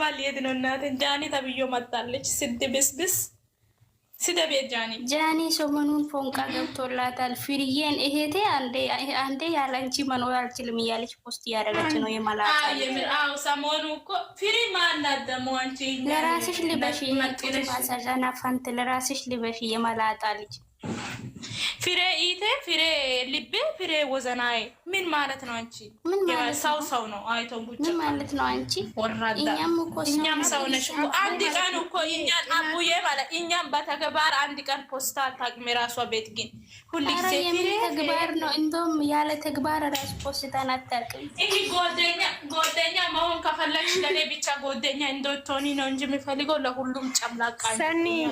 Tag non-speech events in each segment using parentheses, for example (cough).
ገባ ሊሄድ ነው። እናት ጃኒ ተብዮ መጣለች። ስድ ስድብስብስ ስደቤ ጃኒ ጃኒ ሰሞኑን ፎንቃ ገብቶላታል። ፍርዬን እሄቴ አንዴ ያለንቺ መኖር አልችልም እያለች ፖስት እያደረገች ነው። የመላ ሰሞኑ እኮ ፍሪ ማናት ደግሞ አንቺ ለራስሽ ልበሽ ማሳዣና ፋንት ለራስሽ ልበሽ የመላጣ ልጅ ፍሬ ኢቴ ፍሬ ልቤ ፍሬ ወዘናዬ ምን ማለት ነው አንቺ? ሰው ሰው ነው አይቶ ጉጭ ምን ማለት ነው አንቺ? ወራዳ እኛም ሰው ነሽ እኮ አንድ ቀን እኮ እኛን አቡዬ ማለት እኛም በተግባር አንድ ቀን ፖስታ አታውቅም። የራሷ ቤት ግን ሁሉ ጊዜ ተግባር ነው። እንደውም ያለ ተግባር ራሱ ፖስታን አታውቅም። ይህ ጎደኛ ጎደኛ መሆን ከፈለግሽ ለኔ ብቻ ጎደኛ እንደቶኒ ነው እንጂ የሚፈልገው ለሁሉም ጨምላቃ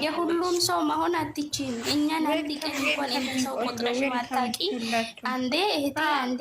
የሁሉም ሰው መሆን አትችም። እኛን አንድ ቀን እንኳን እንደ ሰው ቆጥረሽ ማታውቂ አንዴ እህቴ አንዴ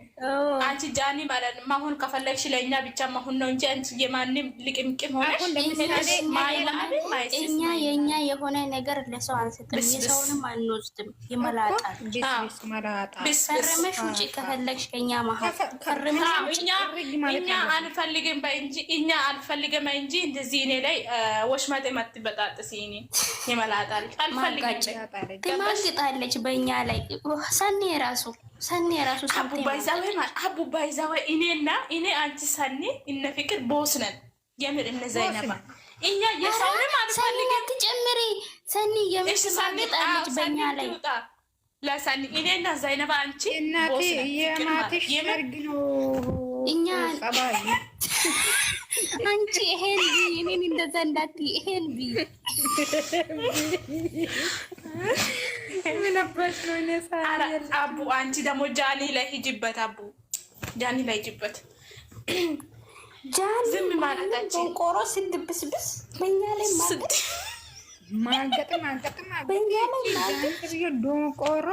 አንቺ ጃኒ ማለት ነው። ማሁን ከፈለግሽ ለእኛ ብቻ ማሁን ነው እንጂ አንቺ የማንም ልቅምቅም ሆነሽ እኛ የእኛ የሆነ ነገር ለሰው አንሰጥም፣ የሰውንም አንወስድም። ይመላጣል። ፈርመሽ ውጭ ከፈለግሽ ከእኛ መሀል እኛ አንፈልግም እንጂ እኛ አንፈልግም እንጂ እንደዚህ እኔ ላይ ወሽመጤ መትበጣጥስ ይኔ ይመላጣል። አልፈልግም ትማግጣለች በእኛ ላይ ሰኔ ራሱ ሰኒ የራሱ አቡባይዛወ እኔና እኔ አንቺ ሰኒ እነ ፍቅር ቦስ ነን። የምር እነዛ ይነባ እኛ የሰውን አንፈልግም። ጨምሪ ሰኒ የምትማግጣለች በኛ ላይ ለሰኒ እኔና ዘይነባ አንቺ እናቴ እኛ (laughs) አንቺ ይሄን ቢ እኔን እንደዛ እንዳትዪ ይሄን ቢ (laughs) (laughs) አቡ አንቺ ደግሞ ጃኒ ላይ ሂጂበት። አቡ ጃኒ ላይ ሂጂበት። ጃኒ ማለታችን ቆሮ ስድብስብስ በኛ ላይ ማገጥም ማገጥም በኛ ላይ ዶቆሮ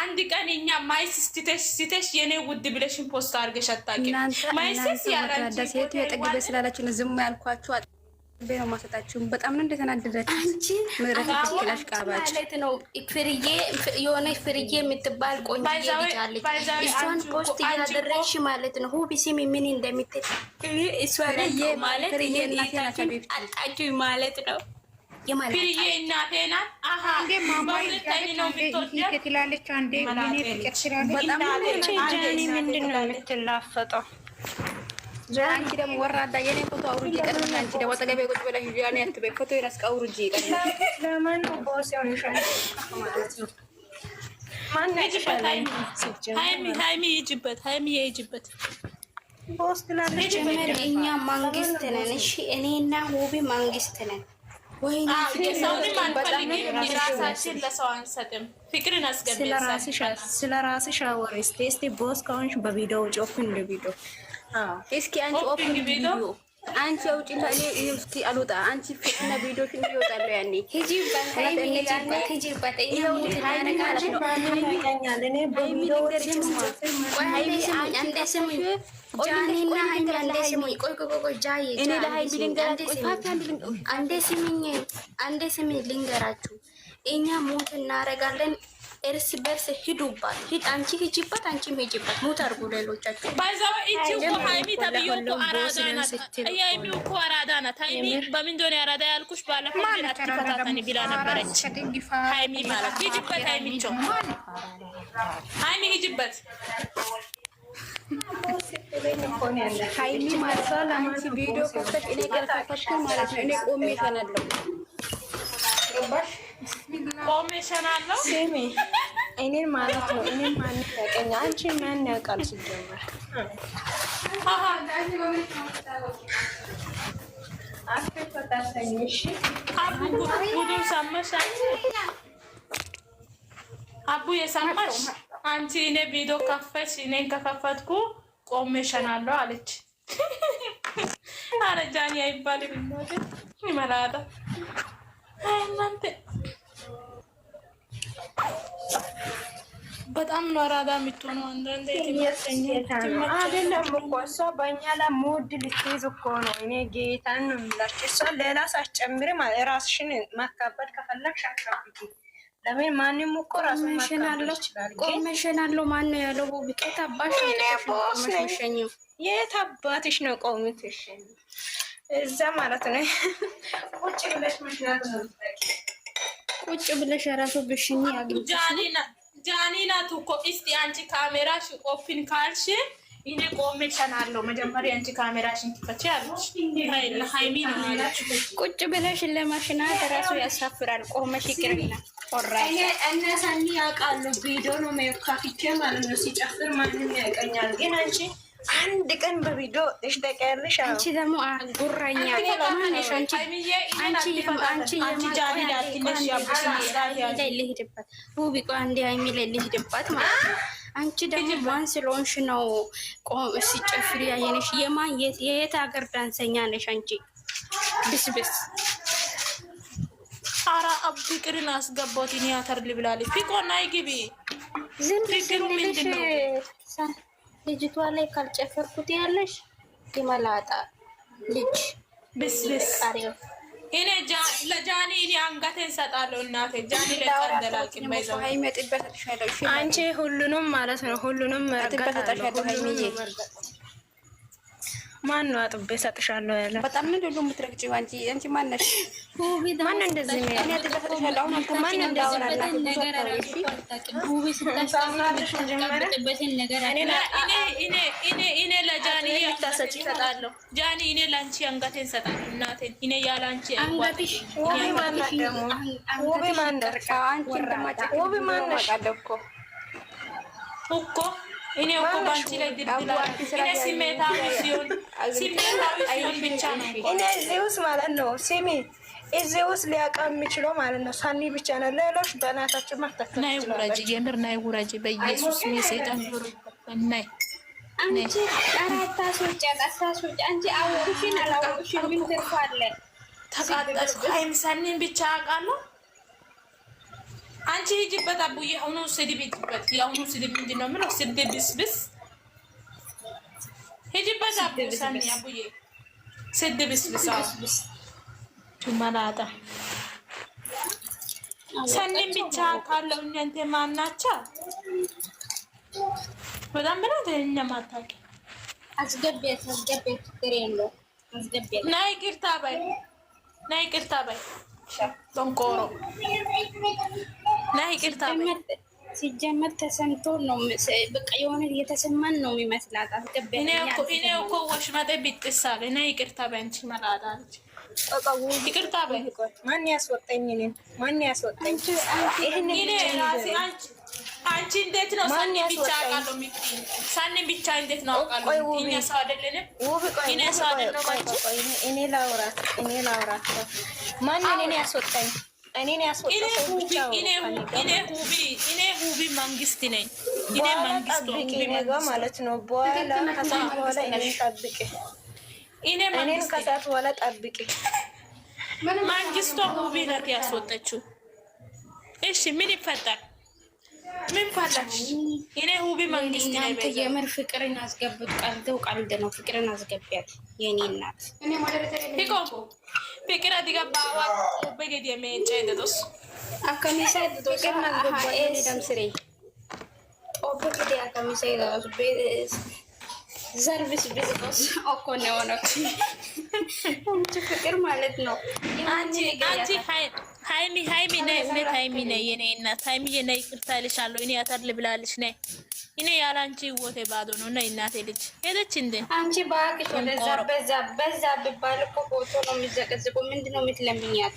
አንድ ቀን እኛ ማይስ ስትሽ የኔ ውድ ብለሽን ፖስት አድርገሽ አታውቂም። ማይስስ ያራዳሴት የጠግቤ ስላላችሁ ዝም ነው ማሰጣችሁም። በጣም ነው እንደተናደዳችሁ። አንቺ ማለት ነው ፍርዬ የሆነ ፍርዬ የምትባል ቆንጆ ልጅ አለች። እሷን ፖስት ያደረግሽ ማለት ነው ሁቢ ሲም ምን እንደምትል ፍርዬ ማለት አጣችሁ ማለት ነው። ፍርዬ እናቴ ናት። አንቺ ደግሞ ወራዳ የኔ ፎቶ አውርጂ ቀርና አንቺ ደግሞ አጠገቤ ቁጭ ብለሽ ያኔ አትበይ። ፎቶ ይነስቀ አውርጂ ቀርና እኛ መንግስት ነን። እሺ እኔና ውቢ መንግስት ነን። ወይሰውንም አንፈልግም፣ ራሳችን ለሰው አንሰጥም። ፍቅርን አስገቢ። ስለ ራስሽ እስኪ አንቺ ኦፕን ቪዲዮ አንቺ አውጪ ታዲያ እስኪ አልወጣ አንቺ ፍቅና ቪዲዮሽ እንዲወጣሉ ያኔ ሂጂበት ሂጂበት አንዴ ስሚኝ ልንገራችሁ እኛ ሞት እናረጋለን እርስ በርስ ሂዱባት፣ ሂድ አንቺ ሂጂባት፣ አንቺም ሂጂባት። ሙት አርጉ ሌሎቻችሁ። ባይዛው እቺ እኮ ሀይሚ ተብዬ እኮ አራዳ ናት። ሀይሚ እኮ አራዳ ናት። ሀይሚ በምን እንደሆነ አራዳ ያልኩሽ ባለፈው አትፈታተን ቢላ ነበረች። ሀይሚ ማለት ሂጂበት፣ ሀይሚቾ ሀይሚ ሂጂበት ሀይሚ ማለት አንቺ ቪዲዮ ከፈት እኔ ጋር ማለት ነው። እኔ ቆሜ ተናለው ቆሜሽን አለው ስሚ፣ እኔን ማለት ነው። እኔን ማን ያቀኛ? አንቺ ማን ያውቃል? ሲጀመር አቡ የሰማሽ አንቺ እኔ ቪዲዮ ከፈች፣ እኔን ከከፈትኩ ቆሜሽን አለች። አረ ጃኒ አይባልም ይመላዳ እናንተ በጣም ነው አራዳ የምትሆነው። አንዳንዴ አይደለም እኮ እሷ በእኛ ላይ ሞድ ልትይዝ እኮ ነው። እኔ ጌታን ነው የምላቸው። እሷ ሌላ ሳትጨምሪ ራስሽን ማካበድ ከፈለግሽ አካብድ። ለምን ማንም እኮ ራሱ ቆመሽን ማን ማነው ያለው? ቡቡቄት አባሽ የት አባትሽ ነው ቆምትሽ? እዛ ማለት ነው ቁጭ ብለሽ ቁጭ ብለሽ ራሱ ብሽኝ አግኝቻ ጃኒና ቱኮ እስቲ አንቺ ካሜራሽ ኦፕን ካልሽ እኔ ቆሜ እሸናለሁ። መጀመሪያ አንቺ ካሜራሽን ክፈች አለች ሃይሚ ነው ያለችው። ቁጭ ብለሽን ለማሽናት ራሱ ያሳፍራል። ቆመሽ ይቅርና ቆራሽ እነ ያውቃሉ። ቪዲዮ ነው ከፍቼ ማለት ነው ሲጨፍር ማንም ያውቀኛል። ግን አንቺ አንድ ቀን በቪዲዮ እሽ ተቀያለሽ። አንቺ ደግሞ ጉረኛ ማንሽ? አንቺ አንቺ አንቺ ልሂድበት ውቢቋ እንዲ የሚል ልሂድበት ማለት ነው። አንቺ ደግሞ ማን ስለሆንሽ ነው ቆም ሲጨፍሪ ያየነሽ? የማን የየት ሀገር ዳንሰኛ ነሽ አንቺ? ብስብስ አራ አብ ቅርን አስገባት ኒያተር ልብላለች ናይ ግቢ ዝም ምንድነው ልጅቷ ላይ ካልጨፈርኩት ያለሽ ይመላጣ ልጅ ብስብስ እኔ ለጃኒ እኔ አንገቴን ሰጣለሁ። እናቴ ጃኒ ለቀንደላቂ አንቺ ሁሉንም ማለት ነው ሁሉንም መርጋት አለ ሁሉንም ማን ነው አጥቤ እሰጥሻለሁ ያለ? በጣም ምን ሁሉ የምትረግጪ አንቺ አንቺ ማን ነሽ? ማን እንደዚህ ነው? እኔ አሁን አንተ ማን እንዳወራ አላ ነገር ሁቢ እኔ እኔ እኔ ለጃኒ ጃኒ እኔ ላንቺ እናቴን እኔ ሁቢ ማን ሁቢ ማን አንቺ ሁቢ ማን እኮ እኔ እኮ ባንቺ ላይ ድብላ ስሜታዊ ሲሆን ስሜታዊ ሲሆን ብቻ ነው። እኔ እዚህ ማለት ነው ስሜ እዚህ ውስጥ ሊያውቀው የሚችለው ማለት ነው ሳኒ ብቻ ነው። ሌሎች በእናታችን ማፍታት ናይ ውረጅ፣ የምር ናይ ውረጅ። በኢየሱስ ሴጣን ናይ አንቺ አታስወጪ አታስወጪ። አንቺ አወቅሽን አላወቅሽን ምን ትርፋለን? ተቃጠልኩ አይምሳኒን ብቻ አውቃለሁ አንቺ ሂጂበት አቡዬ። የአሁኑ ስድብ ሂጂበት። የአሁኑ ስድብ ምንድን ነው የምለው? ስድብ ብስብስ ሂጂበት አቡዬ። ስድብ ብስብስ ቱመላጣ ሰኒም ብቻ ካለው እናንተ ማናቸው? በጣም ብላት እኛ ማታቂ አስገቤት አስገቤት ችግር የለው አስገቤት። ናይ ይቅርታ በይ፣ ናይ ይቅርታ በይ። ጠንቆሮ ላይ ይቅርታ ሲጀመር ተሰምቶ ነው በቃ የሆነ እየተሰማን ነው የሚመስላት። አስገባኝ እኔ እኮ ወሽመጤ ቢጥሳል እኔ ይቅርታ በንቺ መላዳለች ይቅርታ በማን ያስወጣኝ? እኔን ማን ያስወጣኝ? አንቺ እንዴት ነው ሰኒ ብቻ አውቃለሁ የምትይኝ? ሰኒ ብቻ እንዴት ነው አውቃለሁ? እኛ ሰው አይደለንም? እኔ ሰው አይደለንም። እኔ ላውራት እኔ ላውራት ማን እኔን ያስወጣኝ? እኔ ሁቢ መንግስት ነኝ። እኔ መንግስት ማለት ነው። በኋላ ከሰዓት በኋላ እኔን ጠብቂ፣ እኔን ከሰዓት በኋላ ጠብቂ። መንግስቷ ሁቢ ናት ያስወጠችው። እሺ ምን ይፈጠር? ምን ፈለግሽ? እኔ ሁቢ መንግስት ነኝ። እናንተ የምር ፍቅርን አስገብት። ቀልድ ነው። ፍቅርን አስገቢያት የኔ እናት ፍቅር አዲጋባ በጌድ የሚጨደቶስ አከሚሳ ፍቅር ናገባ ደምስሬ ኦብ ግዴ አከሚሳ ይደረሱ ዘርቢስ ቢዝነስ እኮ ነው ነው አንቺ (laughs) ፍቅር ማለት ነው አንቺ አንቺ ሀይል ሀይሚ ሀይሚ ነይ እውነት ሀይሚ ነይ የኔ እናት ሀይሚ ነይ፣ ይቅርታ እልሻለሁ። እኔ አተር ልብላለሽ ነይ። እኔ ያላንቺ ወቴ ባዶ ነው። ነይ እናቴ ልጅ ሄደች እንዴ አንቺ ወደዛ በዛ በዛ ቢባል እኮ ፎቶ ነው የሚዘቀዝቁ። ምንድን ነው የምትለምኛት?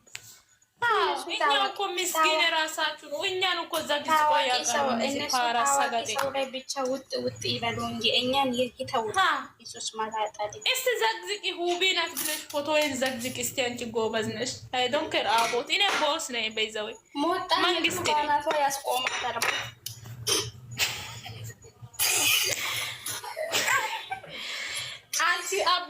እኛው እኮ ምስኪን የራሳችሁ ነው። እኮ እዛ ጊዜ ሰው ላይ ብቻ ውጥ ውጥ ይበሉ እንጂ እኛን እስቲ ዘግዝቂ። ብለሽ ፎቶዬን ዘግዝቂ እስቲ። አንቺ ጎበዝ ነሽ። እኔ ቦስ ነኝ። መንግስት አንቺ አቡ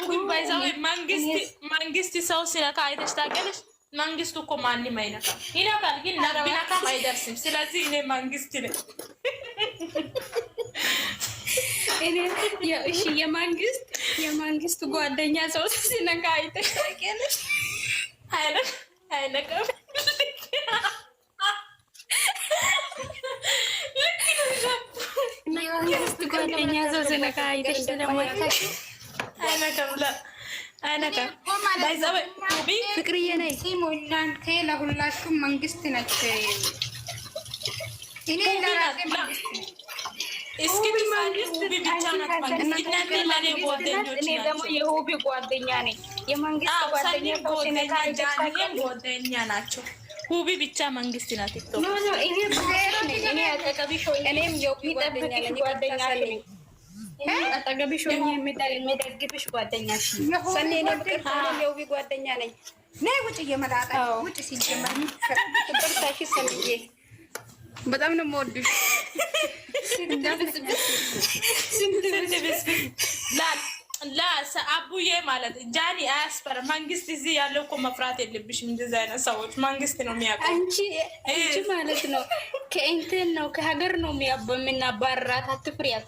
መንግስት ሰው ሲነካ አይተሽ ታውቂያለሽ? መንግስቱ እኮ ማንም አይነካም። ይነካል ግን ቢነካም አይደርስም። ስለዚህ እኔ መንግስት ነኝ። እሺ የመንግስት የመንግስት ጓደኛ ሰው ሲነካ አይተሽ ታውቂያለሽ? የመንግስት ጓደኛ ሰው ሲነካ አይተሽ ደግሞ አይነካም። ፍቅርዬ ነይ ሲሙ እናንተ ለሁላችሁም መንግስት ነች። እኔ ለራሴ መንግስት እኔ ደግሞ የውቢ ጓደኛ ነኝ። የመንግስት ጓደኛ ናቸው። ውቢ ብቻ መንግስት ናት። እኔ ጓደኛ ነኝ። አጠገብሽ ሆኜ የሚደግፍሽ ጓደኛሽ የውቢ ጓደኛ ነኝ። ነይ ውጭ እየመላጣ ውጭ ሲጀመር ቅርታሽ ሰምዬ በጣም ነው የምወድሽ። አቡዬ ማለት ጃኒ አያስፈራ። መንግስት እዚህ ያለው እኮ መፍራት የለብሽም። እንደዚህ አይነት ሰዎች መንግስት ነው የሚያውቁ። አንቺ ማለት ነው ከእንትን ነው ከሀገር ነው የምናባራት። አትፍሪያት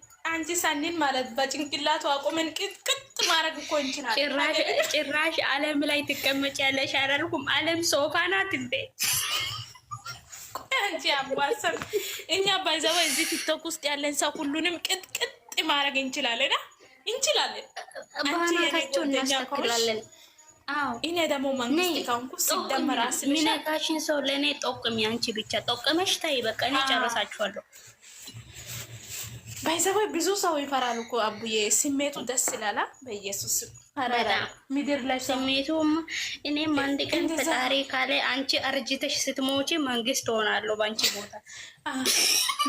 አንቺ ሰኒን ማለት በጭንቅላቱ አቁመን ቅጥቅጥ ማድረግ እኮ እንችላለን። ጭራሽ አለም ላይ ትቀመጫለሽ አላልኩም። አለም ሶፋ ናት እንዴ? አንቺ አባሰብ እኛ ባይዘባ እዚህ ቲክቶክ ውስጥ ያለን ሰው ሁሉንም ቅጥቅጥ ማድረግ እንችላለን እንችላለን። እናስተክላለን። እኔ ደግሞ መንግስት ከሆንኩ ሲደመር አስብሻል። ሚነጋሽን ሰው ለእኔ ጠቁሚ። አንቺ ብቻ ጠቁመሽ ታይ። በቃ እኔ ጨረሳችኋለሁ። ባይዘባ ብዙ ሰው ይፈራል እኮ አቡዬ። ስሜቱ ደስ ይላል። በኢየሱስ ምድር ላይ ስሜቱም እኔም አንድ ቀን ፈጣሪ ካለ አንቺ አርጅተሽ ስትሞቺ መንግስት ሆናለሁ በአንቺ ቦታ።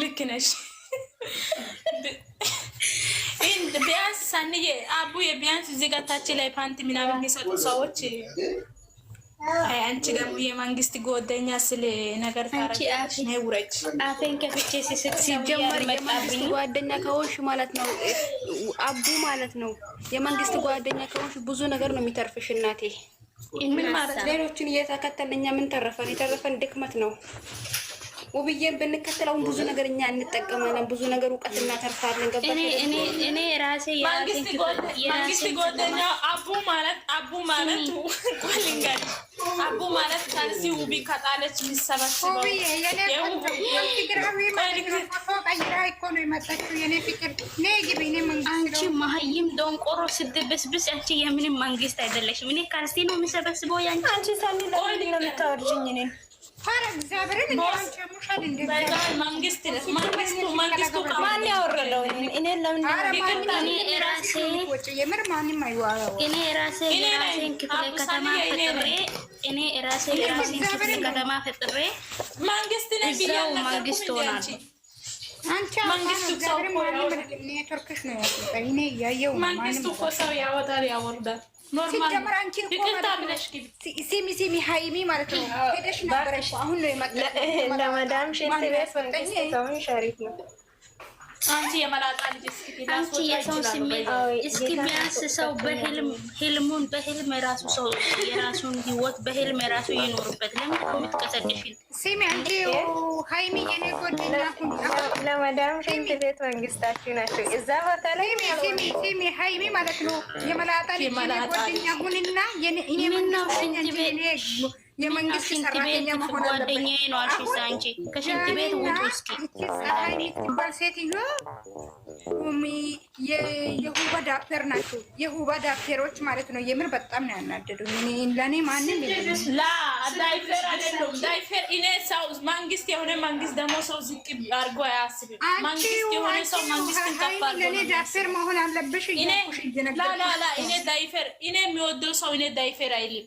ልክ ነሽ። ቢያንስ ሳንዬ አቡዬ ቢያንስ እዚህ ጋር ታች ላይ ፓንት ምናምን የሚሰጡ ሰዎች አንቺ ደግሞ የመንግስት ጎደኛ ስለ ነገር ታረጋሽ ነው። ውረጭ አፌን ሲጀመር የመንግስት ጓደኛ ከሆንሽ ማለት ነው አቡ ማለት ነው። የመንግስት ጓደኛ ከሆንሽ ብዙ ነገር ነው የሚተርፍሽ እናቴ። ምን ማለት ሌሎችን እየተከተልኛ ምን ተረፈን? የተረፈን ድክመት ነው። ውብዬን ብንከተለው ብዙ ነገር እኛ እንጠቀማለን፣ ብዙ ነገር እውቀት እናተርፋለን። ገባእኔ ራሴ መንግስት አቡ ማለት አቡ ማለት ቆልንገድ አቡ ማለት ከንሲ ውቢ ከጣለች የሚሰበስበው አንቺ መሀይም ደንቆሮ ስትብስብስ አንቺ የምንም መንግስት አይደለሽም። እኔ ከንሲ ነው የሚሰበስበው። ያንቺ አንቺ ሳሚ ለምንድን ነው የምታወርጅኝ እኔን? መንግስት ማን ያወረደው? እኔ የራሴን መንግስት እዛው መንግስት እኮ ሰው ያወጣል ያወርዳል። ሲጀመር አንቺ ሲሚ ሲሚ ሀይሚ ማለት ነው ሄደሽ ነበረሽ። አሁን ነው የመጣሁት ለመዳም ሸሪፍ ነው አንቺ የመላጣ ልጅ አንቺ የሰው ስሜት እስኪ ቢያንስ ሰው በህልም ህልሙን በህልም የራሱ ሰው የራሱን ህይወት በህልም የራሱ ይኖርበት። ለምን ኮሚት ስሚ አንቺ ሀይሚ የኔ ጎደኛ ለመዳም ሽንት ቤት መንግስታችሁ ናቸው። እዛ ቦታ ላይ ስሚ ሀይሚ ማለት ነው የመላጣ ልጅ ጎደኛ ሁንና ምናው ሽንት ቤት የመንግስት ሰራተኛ መሆን ጓደኛዬ ነው አልሽዛ እንጂ ከሽንት ቤት ውጡ። እስኪ ፀሐይ የምትባል ሴትዮ የሁባ ዳፔር ናቸው። የሁባ ዳፔሮች ማለት ነው። የምር በጣም ነው ያናደዱኝ። ለእኔ ማንም ዳይፌር አይደለም ዳይፌር። እኔ ሰው መንግስት የሆነ መንግስት ደግሞ ሰው ዝቅ አድርጎ አያስብም። መንግስት የሆነ ሰው መንግስትን ከፍ አድርጎ ለእኔ ዳፔር መሆን አለብሽ። እኔ ዳይፌር እኔ የሚወደው ሰው እኔ ዳይፌር አይልም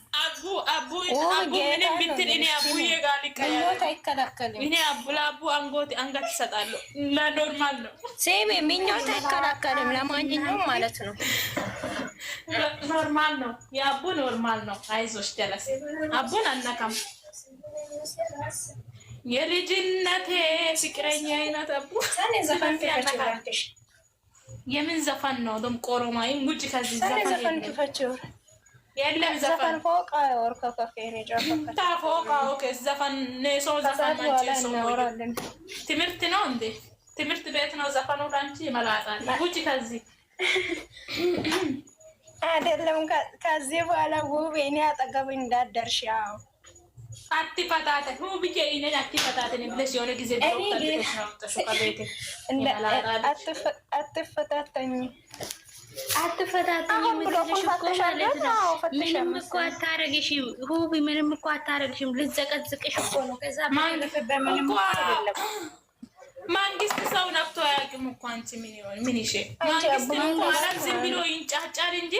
አቡ አቡ አቡ ምንም ብትል እኔ አቡዬ ጋር ሊቀያየር እኔ አቡ ለአቡ አንጎት አንገት ይሰጣሉ። ለኖርማል ነው ሴሜ ምኞት አይከላከልም። ለማንኛውም ማለት ነው ኖርማል ነው የአቡ ኖርማል ነው። አይዞሽ ደለስ አቡን አነካም የልጅነቴ ፍቅረኛ አይነት አቡ የምን ዘፈን ነው? ደምቆሮማይ ሙጭ ከዚህ ዘፈን የለም ዘፈን ፎቅ ወርከ ታ ፎቅ ኦኬ ዘፈን ኔሶ ዘፈን ማንቸሶ ትምህርት ነው እንዴ? ትምህርት ቤት ነው ዘፈኑ ላንቺ ይመላጣል። ውጭ ከዚህ አይደለም። ከዚህ በኋላ ውብ እኔ አጠገብ እንዳደርሽ ያው አትፈታት ውብዬ፣ እኔን አትፈታትን ብለሽ የሆነ ጊዜ አትፈታተኝ አትፈታተኝ እኮ ምንም እኮ አታረግሽም፣ ሁቢ ምንም እኮ አታረግሽም። ልዘቀዝቅሽ እኮ ነው። መንግስት ሰው ነብቶ አያውቅም እኮ አንቺ ምን ይሆን ምን ይሽ መንግስት አለም ዝም ብሎ ይንጫጫል እንጂ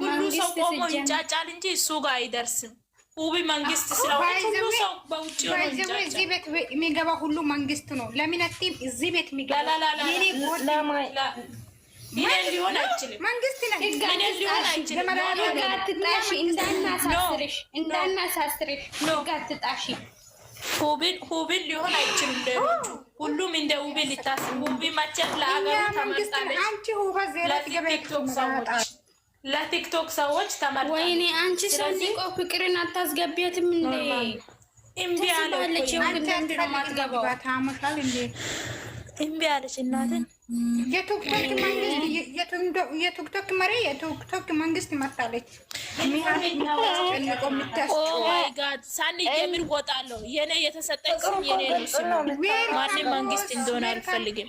ሁሉ ሰው ቆሞ ይንጫጫል እንጂ እሱ ጋር አይደርስም። ሁቢ መንግስት ስለሆነ ሁሉ ሰው በውጭ ሆኖ ይንጫጫል። እዚህ ቤት የሚገባ ሁሉ መንግስት ነው። ለምን አትይም? እዚህ ቤት የሚገባ ሊሆን አይችልም። መንግስት ለቲክቶክ ሰዎች ተመርጣለች። ወይኔ አንቺ ሰንቆ ፍቅርን አታስገቢያትም እንዴ? እምቢ አለች። ማትገባው ታምሻል እንዴ? እምቢ አለች እናትን። የቶክቶክ መሪ የቶክቶክ መንግስት መታለች። ሳንዬ ምን እወጣለሁ? የኔ የተሰጠኝ ስም የኔ ነው። ማንም መንግስት እንደሆነ አልፈልግም።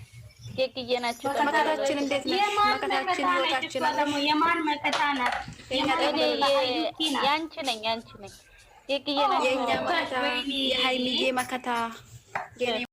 ጌግዬ ናቸው። መከታችን እንዴት ነው? መከታችን ህይወታችን ነው። የማን መከታ ናት? ያንቺ ነኝ ያንቺ ነኝ ጌግዬ ናቸው። የእኛ መከታ የሀይሚዬ መከታ